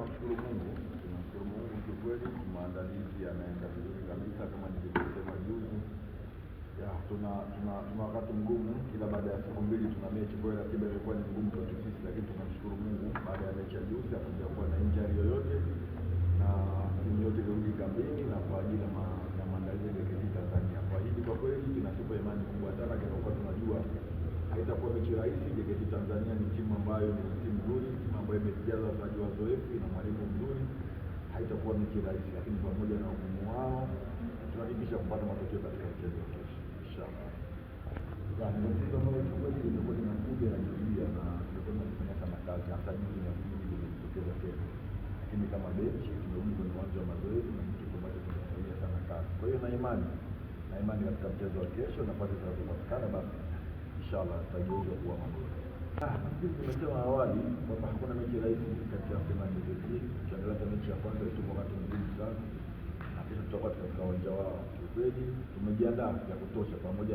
Tunamshukuru Mungu, tunamshukuru Mungu kiukweli, maandalizi yanaenda vizuri kabisa kama nilivyosema juzi. Ya, tuna tuna tuna wakati mgumu, kila baada ya siku mbili tuna mechi, kwa hiyo ratiba ilikuwa ni ngumu kwetu sisi, lakini tunamshukuru Mungu, baada ya mechi ya juzi hatujakuwa na injury yoyote na timu yote ilirudi kambini na kwa ajili ya maandalizi ya ligi Tanzania. Kwa hili kwa kweli tunatupa imani kubwa sana, kwa kuwa tunajua haitakuwa mechi rahisi. Ligi Tanzania ni timu ambayo ni ambayo imejazwa wachezaji wazoefu na mwalimu mzuri, haitakuwa mechi rahisi, lakini pamoja na ugumu wao tunahakikisha kupata matokeo katika mchezo wa kesho inshallah. lakini kama benchi tumerudi kwenye uwanja wa mazoezi na kitu ambacho tunafanyia sana kazi. Kwa hiyo na imani na imani katika mchezo wa kesho, nafasi zinazopatikana basi inshallah tutageuza kuwa mabora. Nafikiri ah, tumesema awali kwamba hakuna kutoka katika uwanja wao. Kiukweli tumejiandaa vya kutosha pamoja